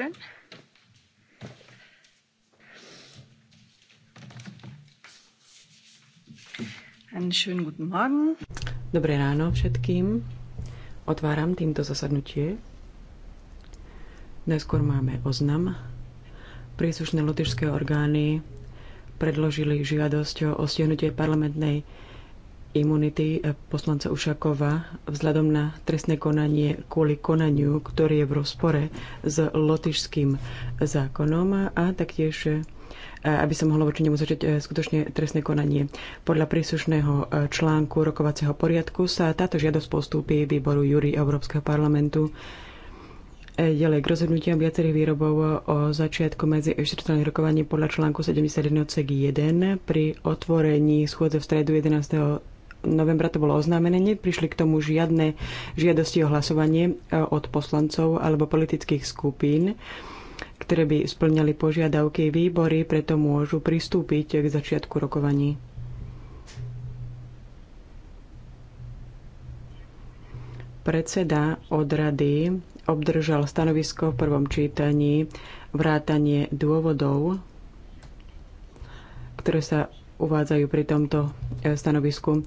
schön. Einen schönen guten Morgen. Dobré ráno všetkým. Otváram týmto zasadnutie. Najskôr máme oznam. Príslušné lotyšské orgány predložili žiadosť o stiahnutie parlamentnej imunity e, poslanca Ušakova vzhľadom na trestné konanie kvôli konaniu, ktorý je v rozpore s lotišským zákonom a taktiež e, aby sa mohlo voči nemu začať e, skutočne trestné konanie. Podľa príslušného článku rokovacieho poriadku sa táto žiadosť postúpi výboru Júri Európskeho parlamentu ďalej k rozhodnutiam viacerých výrobov o začiatku medzi štvrtálnych rokovaní podľa článku 71 1 pri otvorení schôdze v stredu 11 novembra to bolo oznámené, neprišli k tomu žiadne žiadosti o hlasovanie e, od poslancov alebo politických skupín, ktoré by splňali požiadavky výbory, preto môžu pristúpiť k začiatku rokovaní. Predseda od rady obdržal stanovisko v prvom čítaní vrátanie dôvodov, ktoré sa uvádzajú pri tomto e, stanovisku.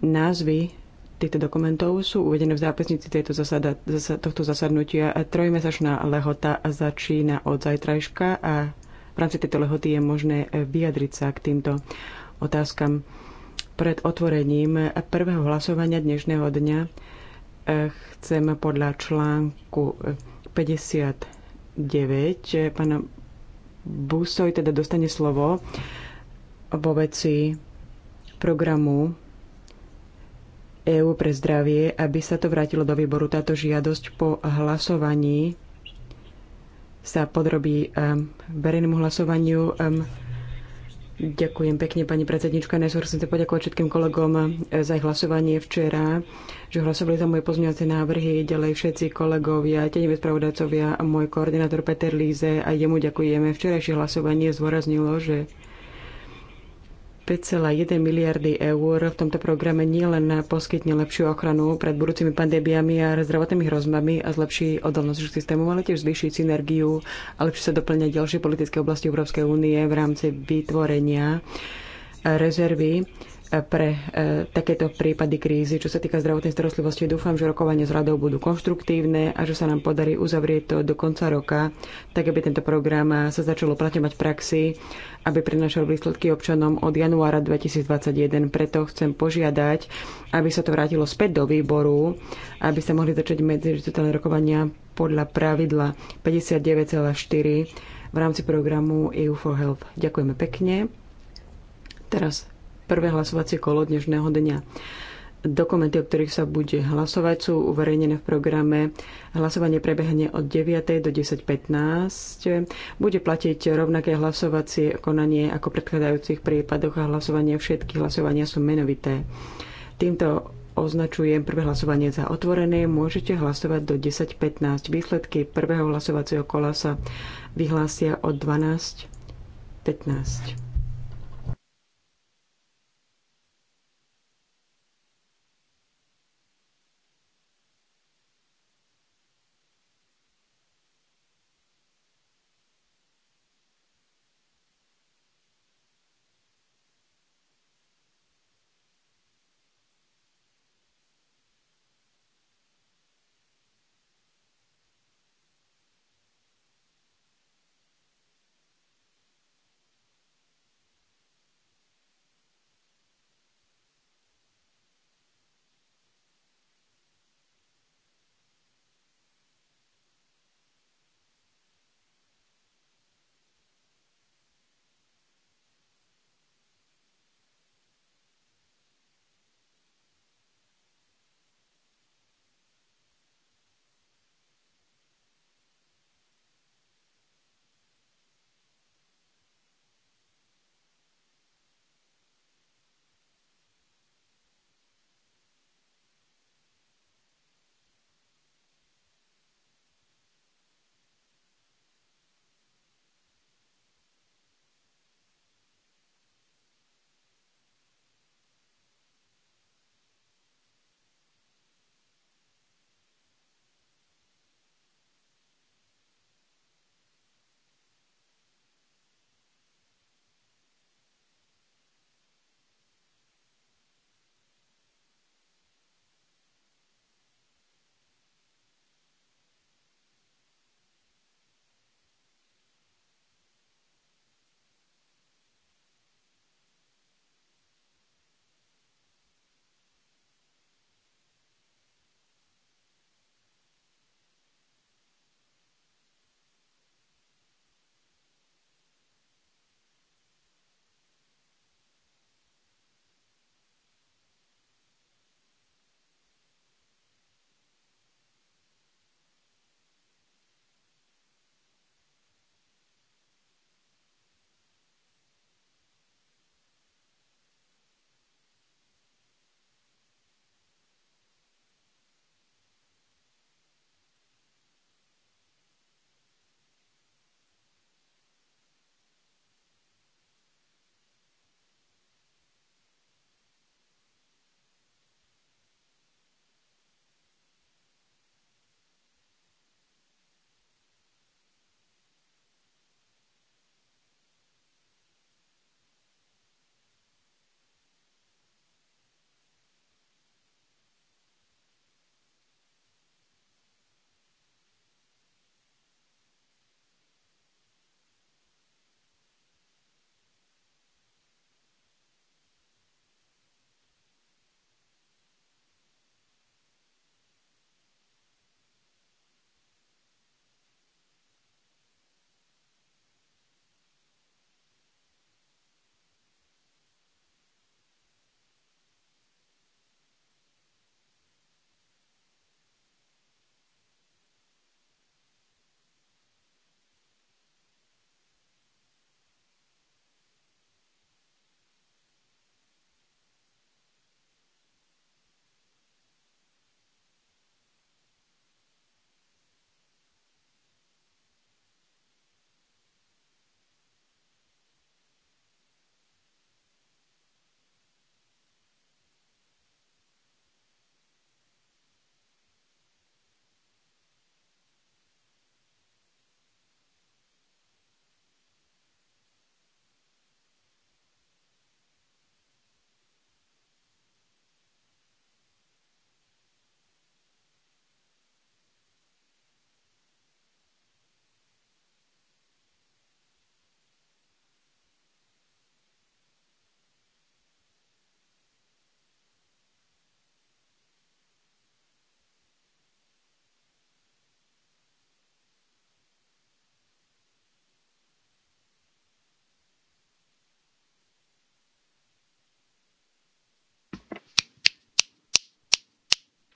Názvy týchto dokumentov sú uvedené v zápisnici tejto zasada, zasa, tohto zasadnutia. Trojmesačná lehota začína od zajtrajška a v rámci tejto lehoty je možné vyjadriť sa k týmto otázkam. Pred otvorením prvého hlasovania dnešného dňa e, chcem podľa článku 59 e, pána Busoj teda dostane slovo vo veci programu EÚ pre zdravie, aby sa to vrátilo do výboru. Táto žiadosť po hlasovaní sa podrobí ehm, verejnému hlasovaniu ehm, Ďakujem pekne, pani predsednička. Najskôr chcem sa poďakovať všetkým kolegom eh, za ich hlasovanie včera, že hlasovali za moje pozmeňovacie návrhy, ďalej všetci kolegovia, tenevi spravodajcovia a môj koordinátor Peter Líze a jemu ďakujeme. Včerajšie hlasovanie zdôraznilo, že 5,1 miliardy eur v tomto programe nielen poskytne lepšiu ochranu pred budúcimi pandémiami a zdravotnými hrozbami a zlepší odolnosť systému, ale tiež zvýši synergiu a lepšie sa doplňa ďalšie politické oblasti Európskej únie v rámci vytvorenia rezervy pre e, takéto prípady krízy. Čo sa týka zdravotnej starostlivosti, dúfam, že rokovania s radou budú konštruktívne a že sa nám podarí uzavrieť to do konca roka, tak aby tento program sa začal uplatňovať v praxi, aby prinašal výsledky občanom od januára 2021. Preto chcem požiadať, aby sa to vrátilo späť do výboru, aby sa mohli začať medzištátne rokovania podľa pravidla 59,4 v rámci programu EU for Health. Ďakujeme pekne. Teraz prvé hlasovacie kolo dnešného dňa. Dokumenty, o ktorých sa bude hlasovať, sú uverejnené v programe. Hlasovanie prebehne od 9. do 10.15. Bude platiť rovnaké hlasovacie konanie ako v predchádzajúcich prípadoch a hlasovanie všetky hlasovania sú menovité. Týmto označujem prvé hlasovanie za otvorené. Môžete hlasovať do 10.15. Výsledky prvého hlasovacieho kola sa vyhlásia od 12.15.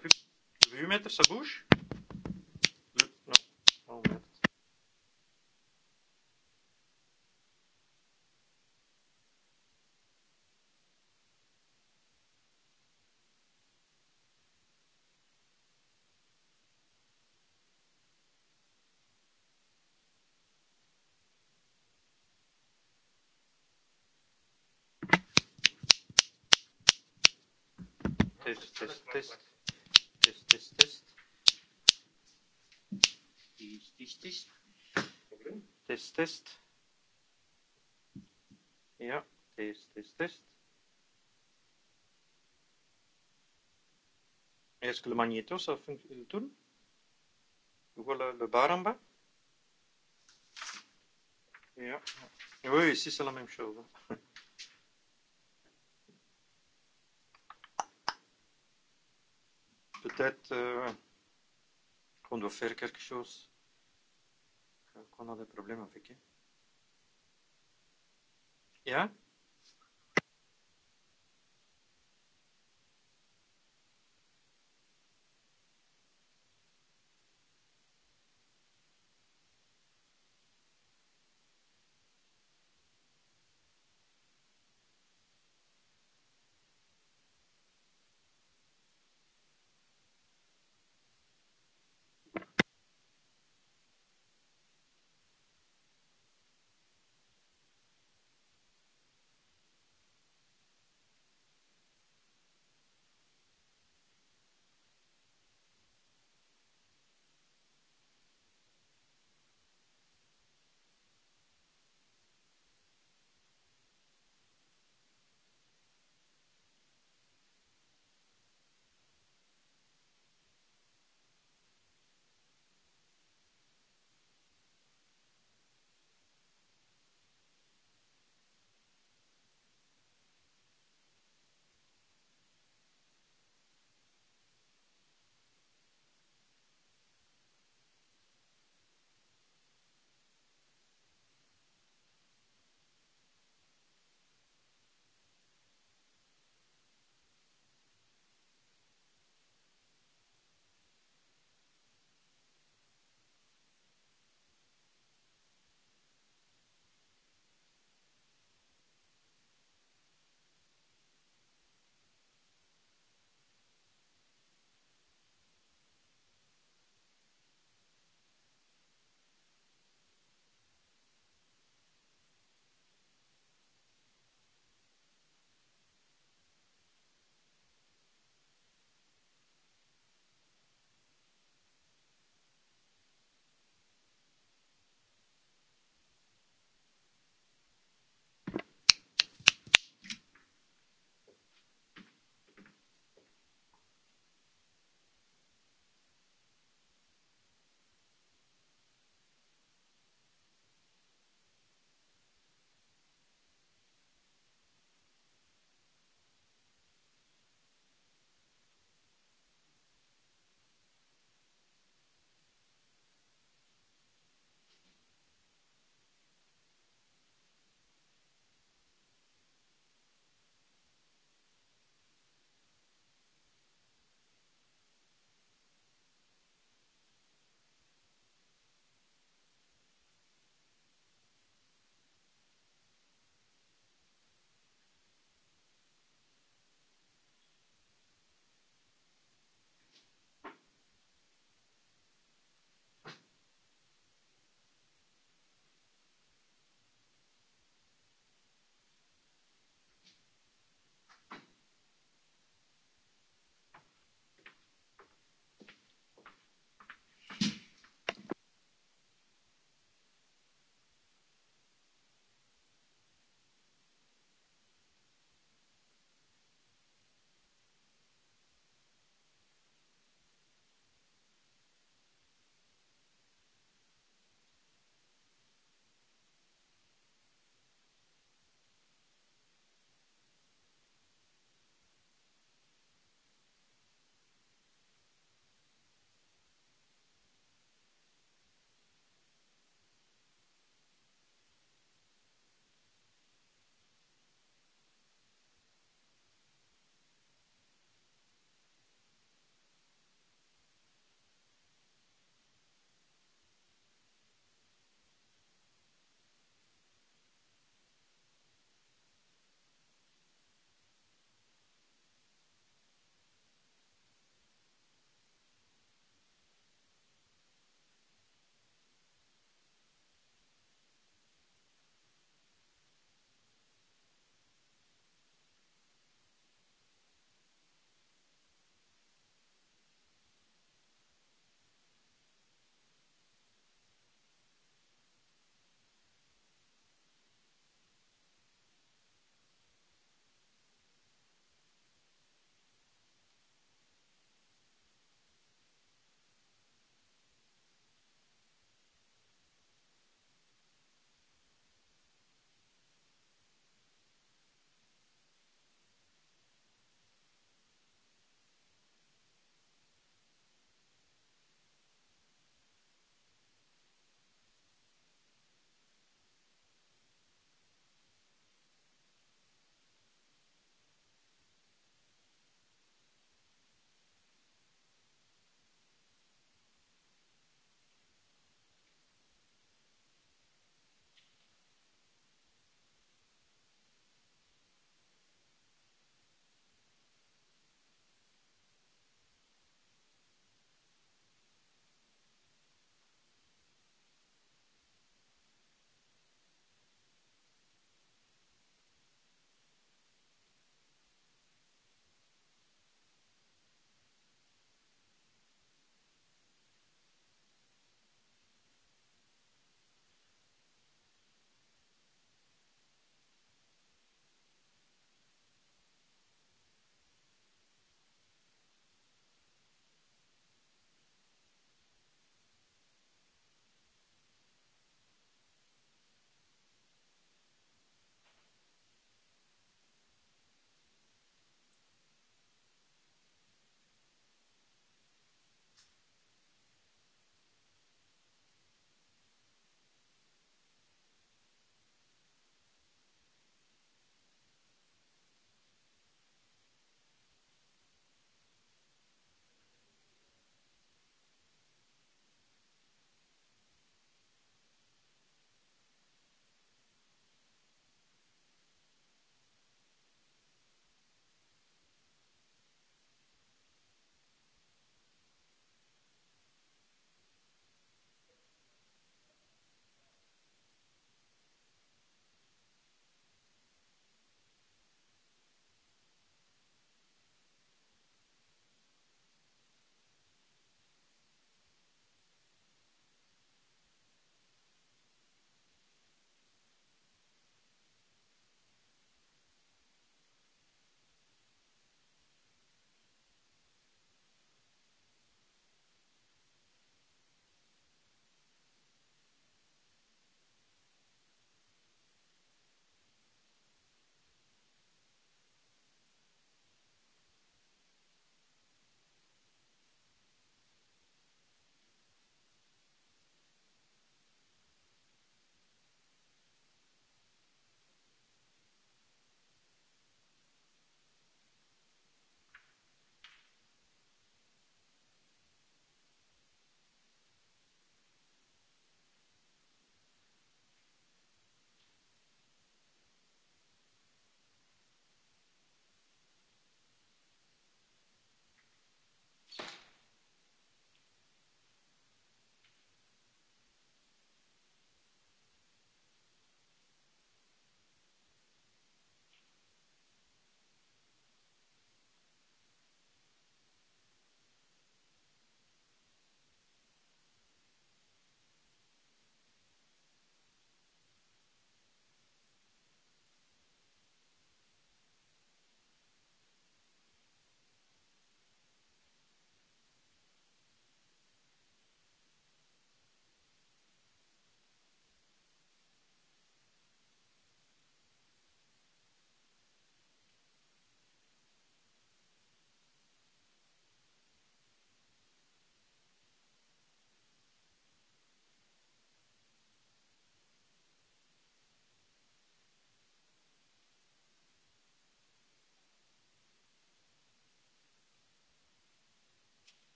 vu, vu mettre sa bouche Le, Non, no, oh no, merde. No. test, test, test test, test, test. Tiš, tiš, tiš. Dobre. Test, test. Ja, test, test, test. Est-ce que le magnéto, ça fonctionne, tourne le, le bar en bas. Ja. Oui, ici c'est la même chose. peut-être euh, qu'on doit faire quelque chose, qu'on a des problèmes avec eux. Yeah?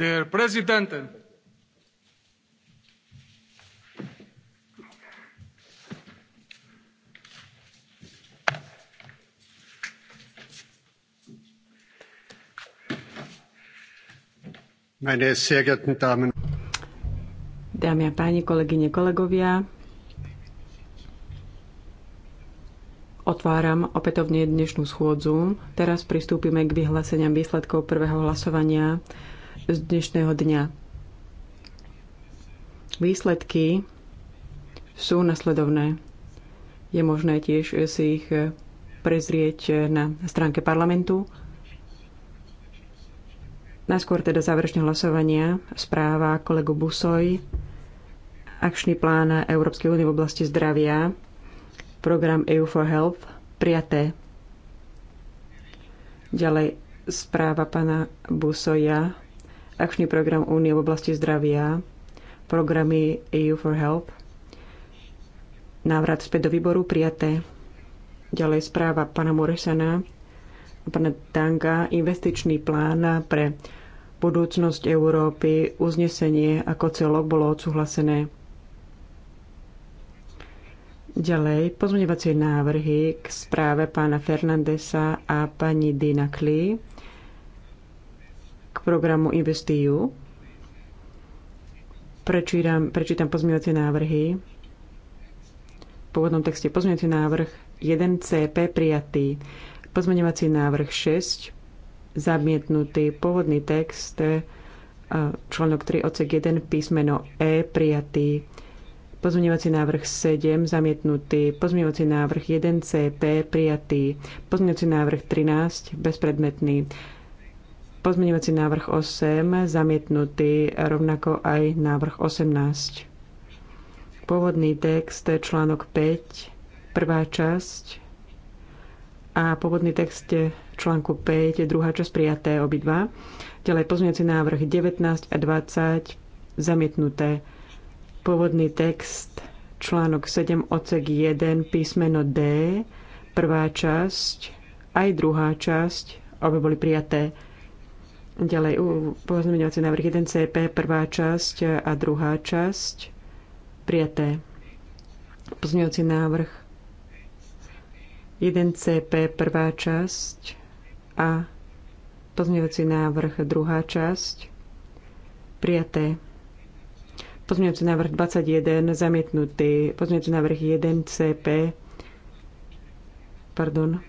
der präsidentin! meine sehr geehrten damen dámy a páni kolegyne kolegovia Otváram opätovne dnešnú schôdzu. Teraz pristúpime k vyhláseniam výsledkov prvého hlasovania z dnešného dňa. Výsledky sú nasledovné. Je možné tiež si ich prezrieť na stránke parlamentu. Najskôr teda záverečné hlasovania, správa kolegu Busoj, akčný plán Európskej únie v oblasti zdravia, program EU for Health, prijaté. Ďalej správa pana Busoja akčný program Únie v oblasti zdravia, programy EU for Help, návrat späť do výboru prijaté. Ďalej správa pana Morisana a pana Danga, investičný plán pre budúcnosť Európy, uznesenie ako celok bolo odsúhlasené. Ďalej, pozmeňovacie návrhy k správe pána Fernandesa a pani Dina Klee programu Investiu. Prečítam, prečítam pozmeňovacie návrhy. V pôvodnom texte pozmeňovací návrh 1CP prijatý. Pozmeňovací návrh 6 zamietnutý. Pôvodný text e, článok 3 odsek 1 písmeno E prijatý. Pozmeňovací návrh 7 zamietnutý. Pozmeňovací návrh 1CP prijatý. Pozmeňovací návrh 13 bezpredmetný. Pozmeňovací návrh 8 zamietnutý, rovnako aj návrh 18. Pôvodný text článok 5, prvá časť a pôvodný text článku 5, druhá časť prijaté obidva. Ďalej pozmeňovací návrh 19 a 20 zamietnuté. Pôvodný text článok 7 odsek 1 písmeno D, prvá časť aj druhá časť, obe boli prijaté Ďalej, pozmeňovací návrh 1CP, prvá časť a druhá časť, prijaté. Pozmeňovací návrh 1CP, prvá časť a pozmeňovací návrh druhá časť, prijaté. Pozmeňovací návrh 21, zamietnutý. Pozmeňovací návrh 1CP, pardon,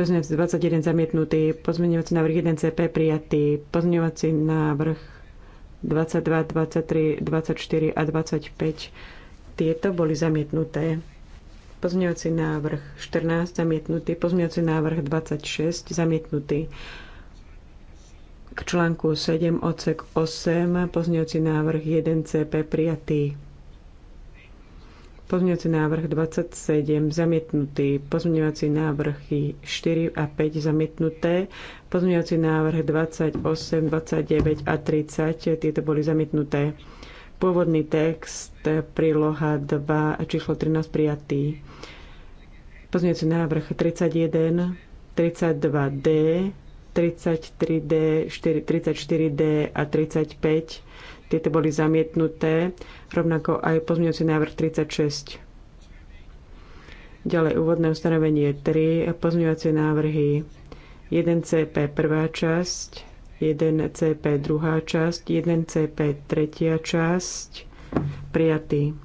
Pozmeňovací 21 zamietnutý, pozmeňovací návrh 1 CP prijatý, pozmeňovací návrh 22, 23, 24 a 25. Tieto boli zamietnuté. Pozmeňovací návrh 14 zamietnutý, pozmeňovací návrh 26 zamietnutý. K článku 7 odsek 8 pozmeňovací návrh 1 CP prijatý Pozmeňovací návrh 27 zamietnutý. Pozmeňovací návrhy 4 a 5 zamietnuté. Pozmeňovací návrh 28, 29 a 30. Tieto boli zamietnuté. Pôvodný text príloha 2 a číslo 13 prijatý. Pozmeňovací návrh 31, 32D, 33D, 4, 34D a 35 tieto boli zamietnuté, rovnako aj pozmeňujúci návrh 36. Ďalej úvodné ustanovenie 3, pozmeňovacie návrhy 1CP prvá časť, 1CP druhá časť, 1CP tretia časť, prijatý.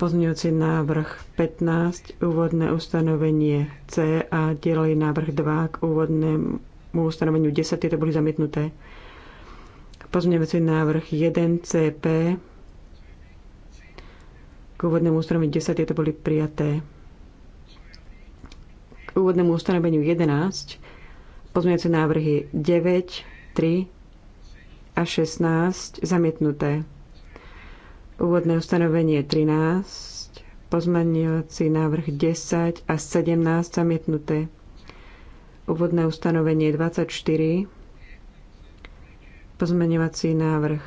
Pozmeňujúci návrh 15, úvodné ustanovenie C a ďalej návrh 2 k úvodnému ustanoveniu 10, tieto boli zamietnuté. Pozmeňujúci návrh 1 CP k úvodnému ustanoveniu 10 tieto boli prijaté. K úvodnému ustanoveniu 11 pozmeňujúce návrhy 9, 3 a 16 zamietnuté. Úvodné ustanovenie 13, pozmeňujúci návrh 10 a 17 zamietnuté. Úvodné ustanovenie 24, Pozmeňovací návrh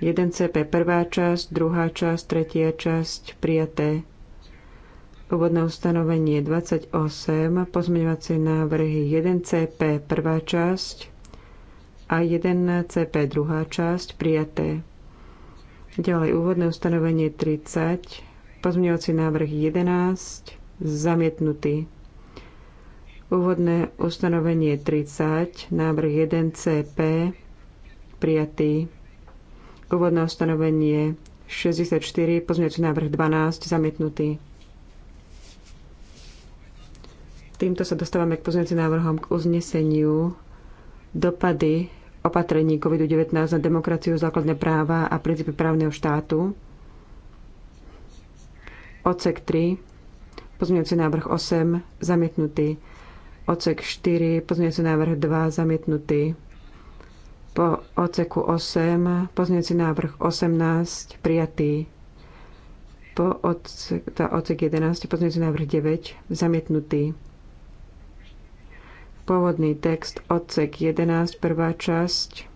1CP prvá časť, druhá časť, tretia časť, prijaté. Úvodné ustanovenie 28, pozmeňovacie návrhy 1CP prvá časť a 1CP druhá časť, prijaté. Ďalej úvodné ustanovenie 30, pozmeňovací návrh 11, zamietnutý. Úvodné ustanovenie 30, návrh 1 CP, prijatý. Úvodné ustanovenie 64, pozmeňujúci návrh 12, zamietnutý. Týmto sa dostávame k pozmeňujúcim návrhom k uzneseniu dopady opatrení COVID-19 na demokraciu, základné práva a princípy právneho štátu. Odsek 3, pozmeňujúci návrh 8, zamietnutý Ocek 4, pozmeňujúci návrh 2, zamietnutý. Po oceku 8, pozmeňujúci návrh 18, prijatý. Po ocek, tá ocek 11, pozmeňujúci návrh 9, zamietnutý. Pôvodný text ocek 11, prvá časť,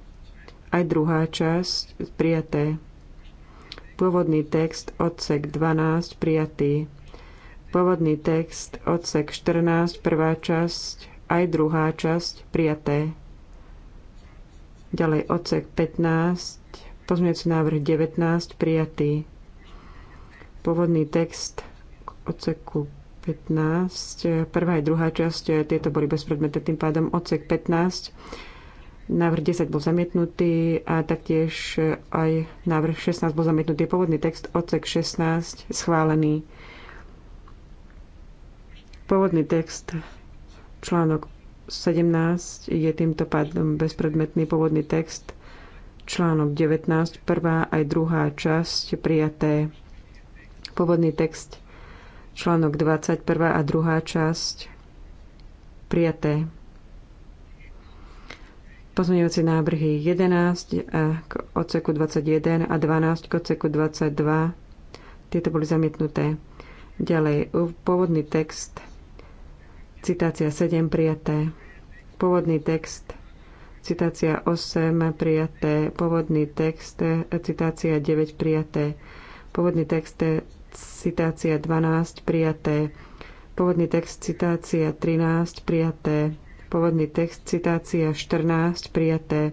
aj druhá časť, prijaté. Pôvodný text odsek 12, prijatý Pôvodný text, odsek 14, prvá časť, aj druhá časť, prijaté. Ďalej odsek 15, pozmeňujúci návrh 19, prijatý. Pôvodný text k odseku 15, prvá aj druhá časť, tieto boli bezpredmetné, tým pádom odsek 15, návrh 10 bol zamietnutý a taktiež aj návrh 16 bol zamietnutý. Pôvodný text odsek 16 schválený Pôvodný text, článok 17 je týmto pádom bezpredmetný pôvodný text, článok 19, prvá aj druhá časť prijaté. Pôvodný text, článok 20, prvá a druhá časť prijaté. Pozmeňujúci návrhy 11 k odseku 21 a 12 k odseku 22. Tieto boli zamietnuté. Ďalej, pôvodný text Citácia 7 prijaté. Pôvodný text. Citácia 8 prijaté. Pôvodný text. Citácia 9 prijaté. Pôvodný text. Citácia 12 prijaté. Pôvodný text. Citácia 13 prijaté. Pôvodný text. Citácia 14 prijaté.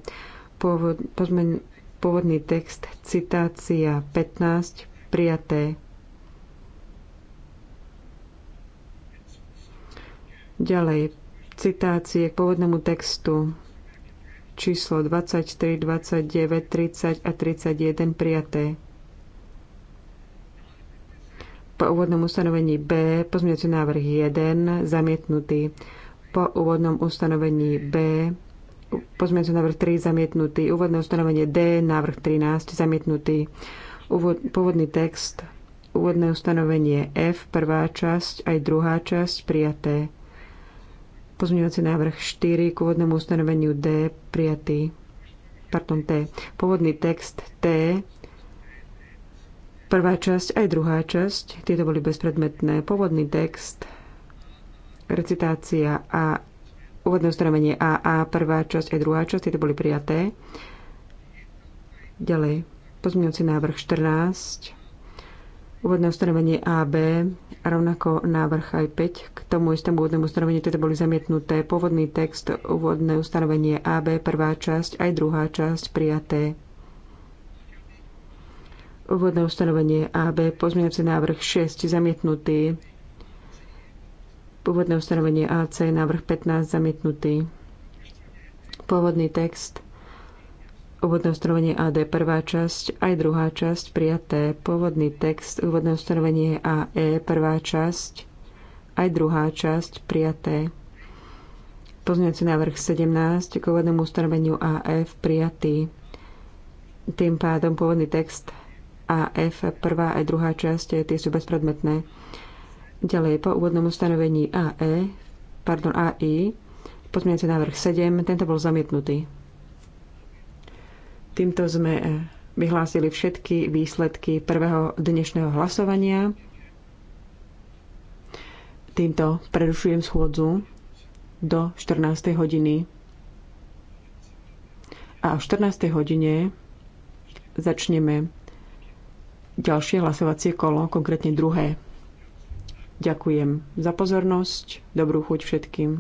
Pôvod, pozmen, pôvodný text. Citácia 15 prijaté Ďalej, citácie k pôvodnému textu číslo 23, 29, 30 a 31 prijaté. Po úvodnom ustanovení B pozmeňujúci návrh 1 zamietnutý. Po úvodnom ustanovení B pozmeňujúci návrh 3 zamietnutý. Úvodné ustanovenie D návrh 13 zamietnutý. Úvod, pôvodný text úvodné ustanovenie F, prvá časť, aj druhá časť prijaté Pozmeňovací návrh 4 k úvodnému ustanoveniu D prijatý. Pardon, T. Pôvodný text T. Prvá časť aj druhá časť. Tieto boli bezpredmetné. Pôvodný text recitácia a úvodné ustanovenie A prvá časť aj druhá časť, tieto boli prijaté. Ďalej, pozmeňujúci návrh 14, Úvodné ustanovenie AB, rovnako návrh aj 5 k tomu istému úvodnému ustanoveniu, teda boli zamietnuté pôvodný text, úvodné ustanovenie AB, prvá časť, aj druhá časť prijaté. Úvodné ustanovenie AB, pozmeňujúci návrh 6, zamietnutý. Pôvodné ustanovenie AC, návrh 15, zamietnutý. Pôvodný text, úvodné ustanovenie AD prvá časť, aj druhá časť prijaté, pôvodný text, úvodné ustanovenie AE prvá časť, aj druhá časť prijaté. Pozňujúci návrh 17 k úvodnému ustanoveniu AF prijatý. Tým pádom pôvodný text AF prvá aj druhá časť, tie sú bezpredmetné. Ďalej po úvodnom ustanovení AE, pardon AI, pozmeňujúci návrh 7, tento bol zamietnutý. Týmto sme e, vyhlásili všetky výsledky prvého dnešného hlasovania. Týmto prerušujem schôdzu do 14. hodiny. A o 14. hodine začneme ďalšie hlasovacie kolo, konkrétne druhé. Ďakujem za pozornosť, dobrú chuť všetkým.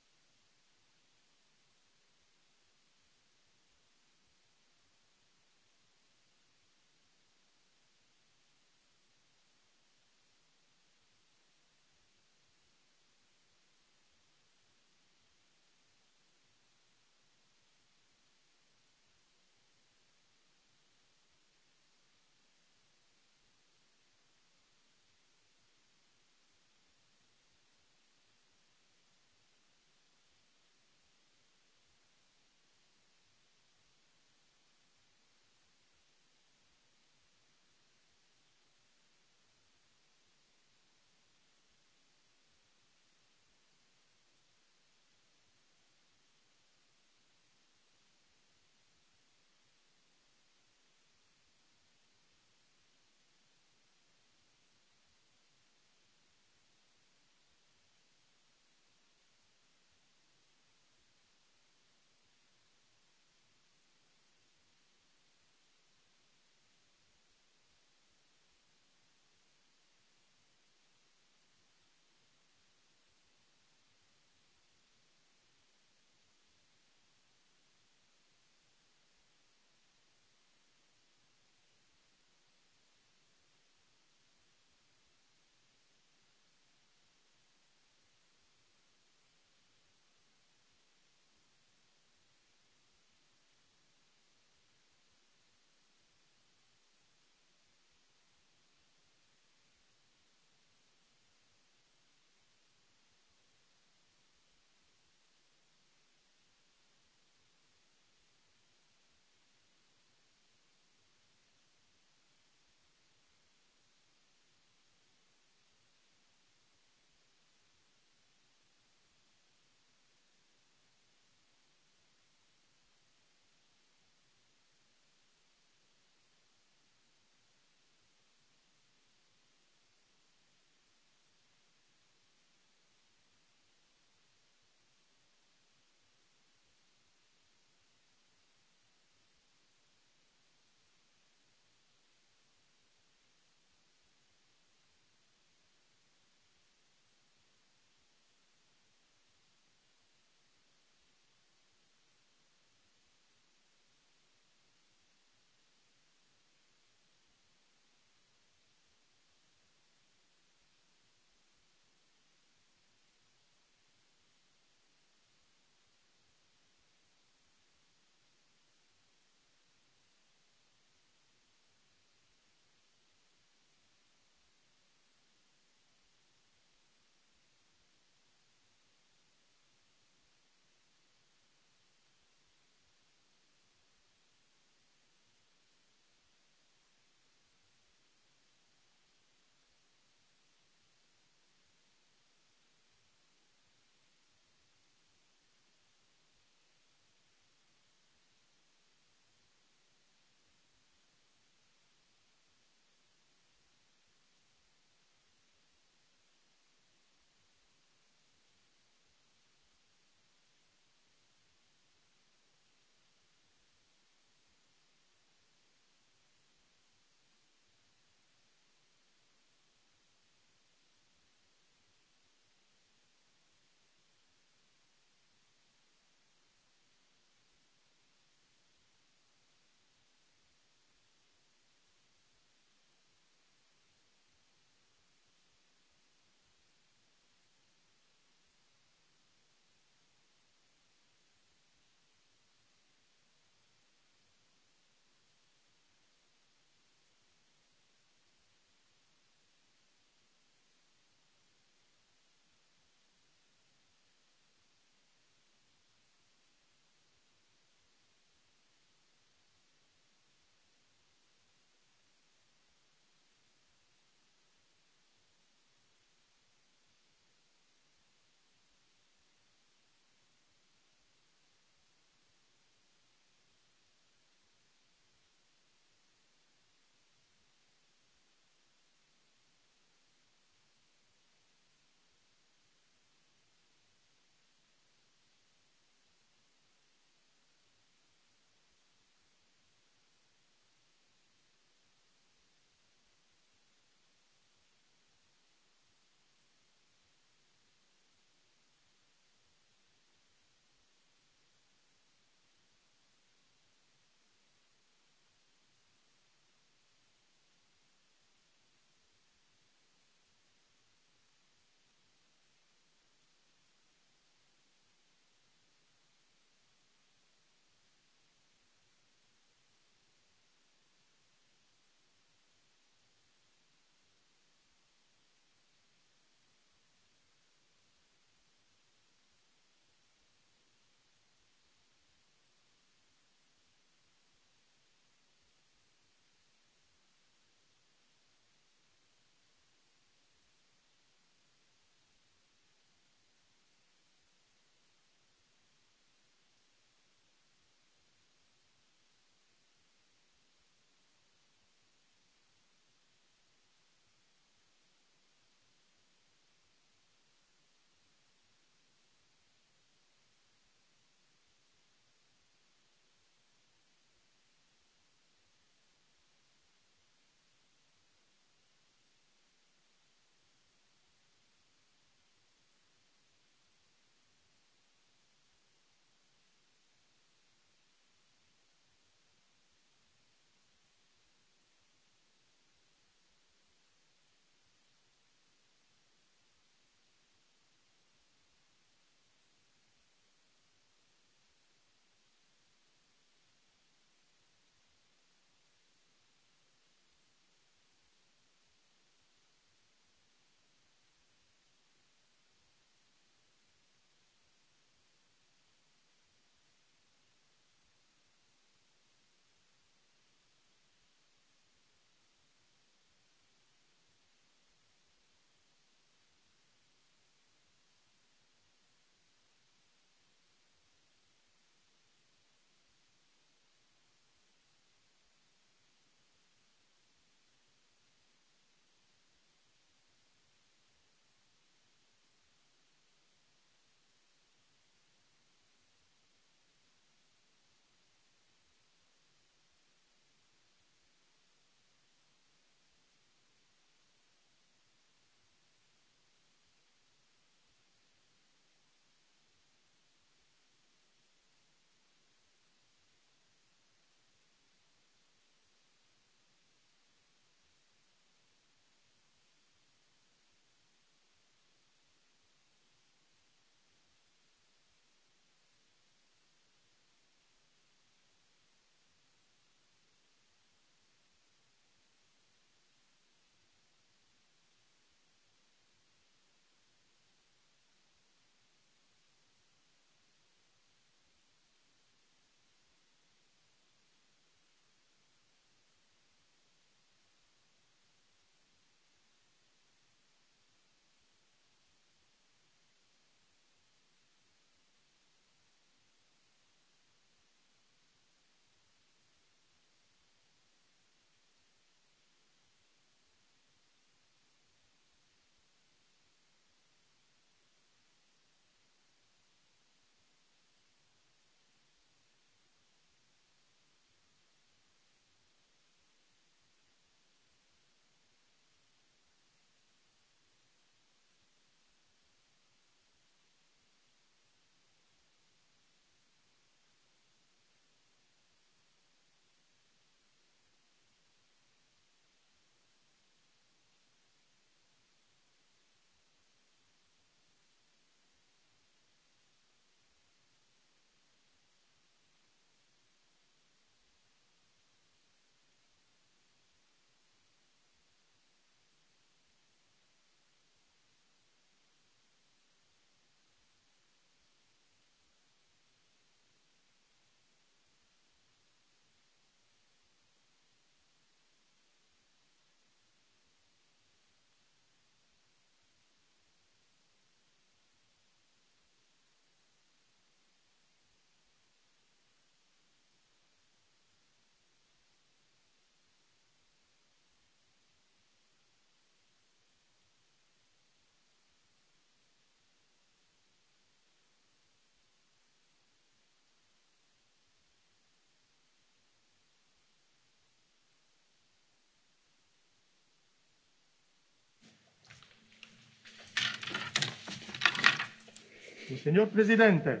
Signor Presidente,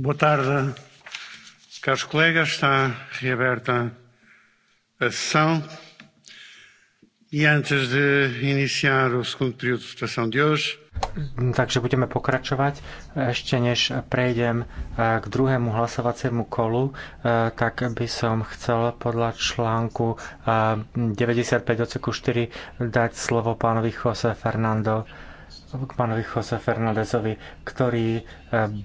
Boa tarde, caros colegas. Está reaberta a sessão. E antes de iniciar o segundo período de votação de hoje, Takže budeme pokračovať. Ešte než prejdem e, k druhému hlasovaciemu kolu, e, tak by som chcel podľa článku 95 e, odseku 4 dať slovo pánovi Jose Fernando k pánovi Jose Fernandezovi, ktorý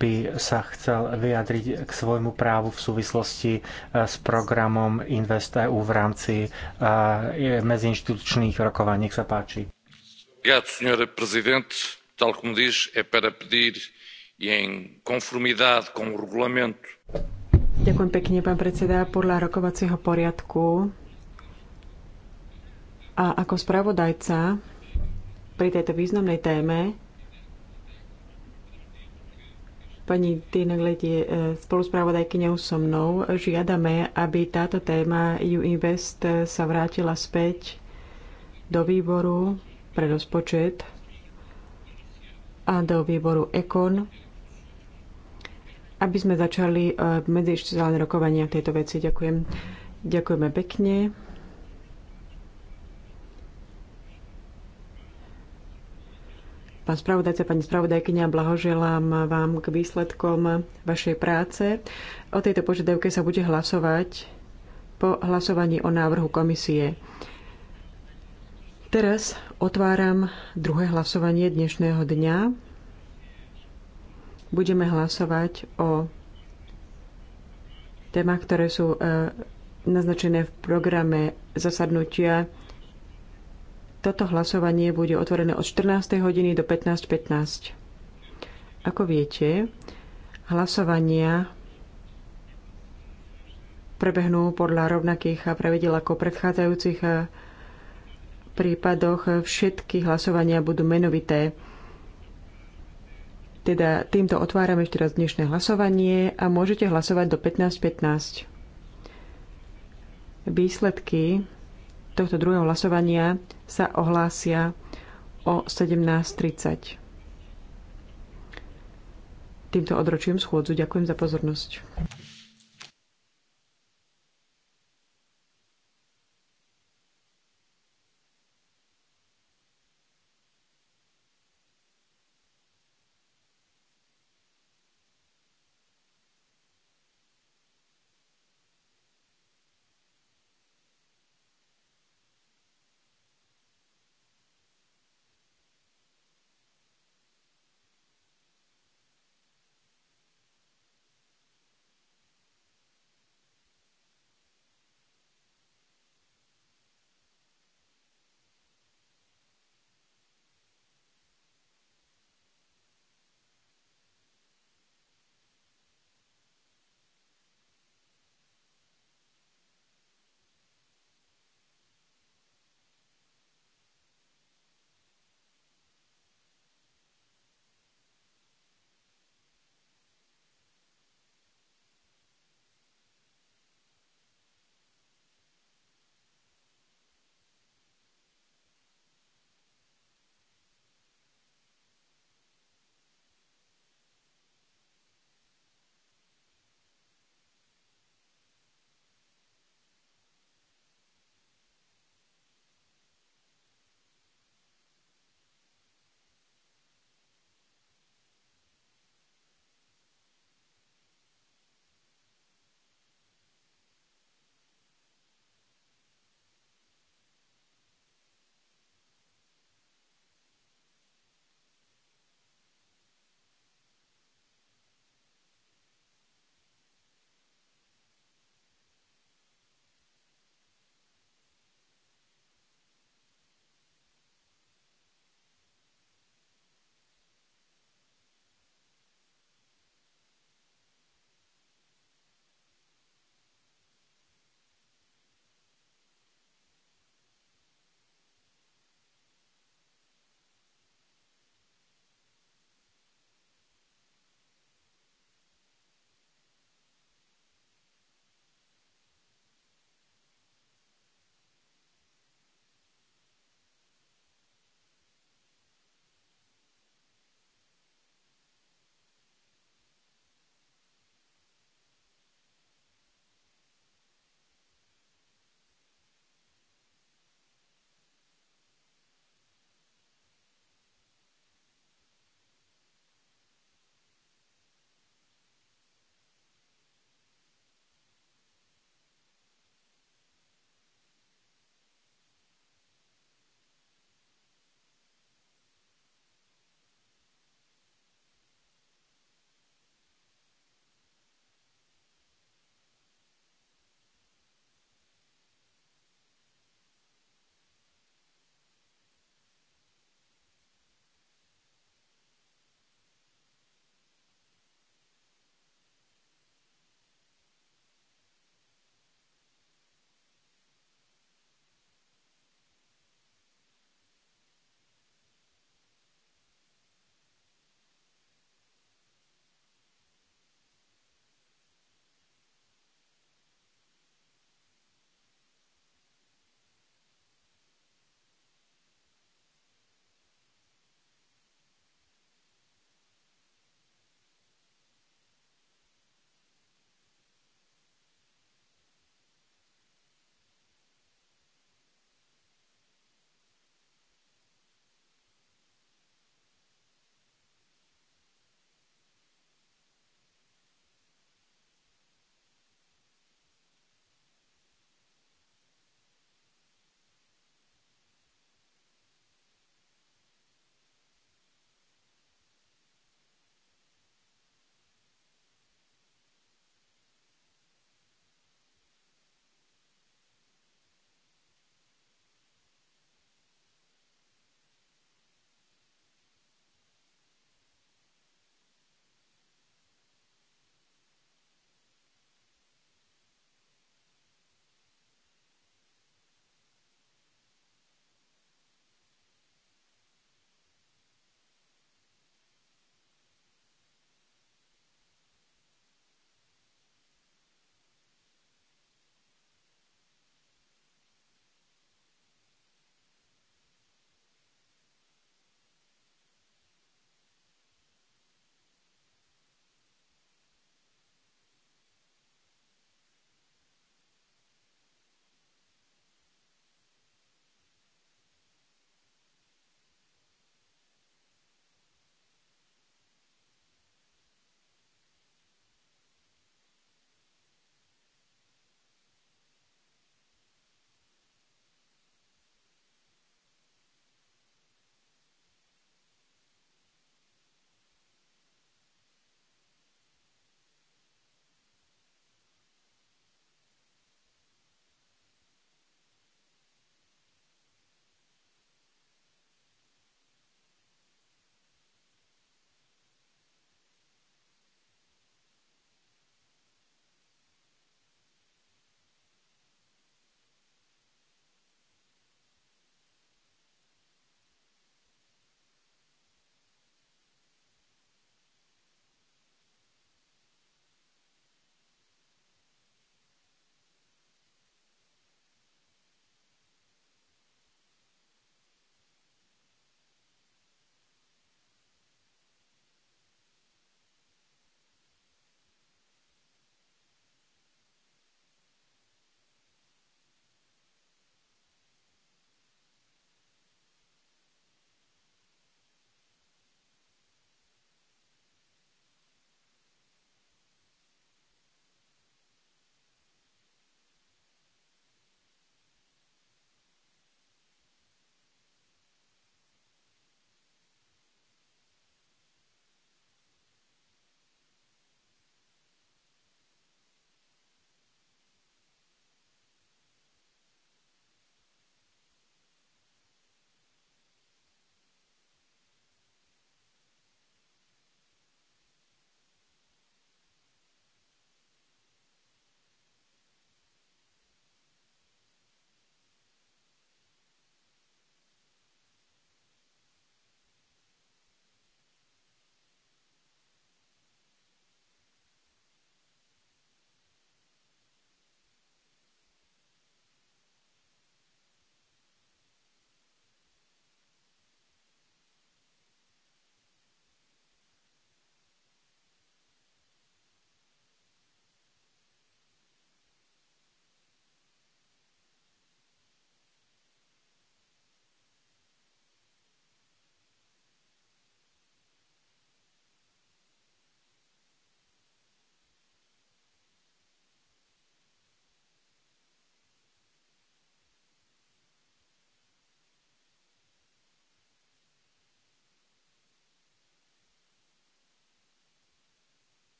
by sa chcel vyjadriť k svojmu právu v súvislosti s programom InvestEU v rámci medziinstitučných rokovaní. Nech sa páči. Ďakujem, pán prezident tal como diz, é para pedir e em conformidade com o regulamento. Ďakujem pekne, pán predseda. Podľa rokovacieho poriadku a ako spravodajca pri tejto významnej téme pani Tina Gled je e, spoluspravodajkyňou so mnou. Žiadame, aby táto téma EU Invest sa vrátila späť do výboru pre rozpočet a do výboru EKON, aby sme začali e, medziinstitucionálne rokovania v tejto veci. Ďakujem. Ďakujeme pekne. Pán spravodajca, pani spravodajkynia, blahoželám vám k výsledkom vašej práce. O tejto požiadavke sa bude hlasovať po hlasovaní o návrhu komisie. Teraz otváram druhé hlasovanie dnešného dňa. Budeme hlasovať o témach, ktoré sú e, naznačené v programe zasadnutia. Toto hlasovanie bude otvorené od 14. hodiny do 15.15. Ako viete, hlasovania prebehnú podľa rovnakých pravidel ako predchádzajúcich prípadoch všetky hlasovania budú menovité. Teda týmto otvárame ešte raz dnešné hlasovanie a môžete hlasovať do 15.15. Výsledky tohto druhého hlasovania sa ohlásia o 17.30. Týmto odročujem schôdzu. Ďakujem za pozornosť.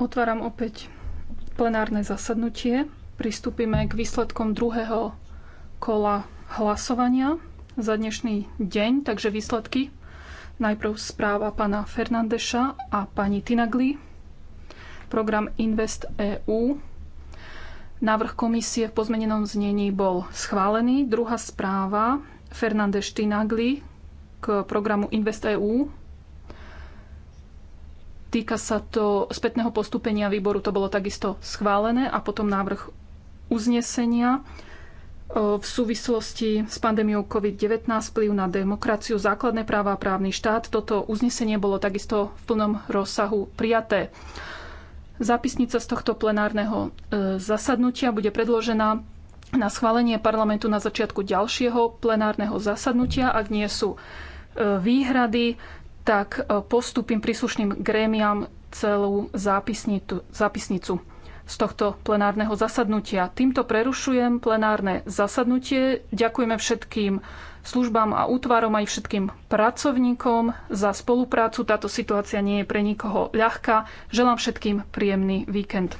Otváram opäť plenárne zasadnutie. Pristúpime k výsledkom druhého kola hlasovania za dnešný deň, takže výsledky. Najprv správa pána Fernandeša a pani Tinagli. Program Invest EU Návrh komisie v pozmenenom znení bol schválený. Druhá správa Fernández Štinagli k programu InvestEU. Týka sa to spätného postupenia výboru, to bolo takisto schválené a potom návrh uznesenia e, v súvislosti s pandémiou COVID-19 vplyv na demokraciu, základné práva a právny štát. Toto uznesenie bolo takisto v plnom rozsahu prijaté. Zápisnica z tohto plenárneho e, zasadnutia bude predložená na schválenie parlamentu na začiatku ďalšieho plenárneho zasadnutia. Ak nie sú e, výhrady, tak e, postupím príslušným grémiam celú zápisnicu z tohto plenárneho zasadnutia. Týmto prerušujem plenárne zasadnutie. Ďakujeme všetkým službám a útvarom aj všetkým pracovníkom za spoluprácu. Táto situácia nie je pre nikoho ľahká. Želám všetkým príjemný víkend.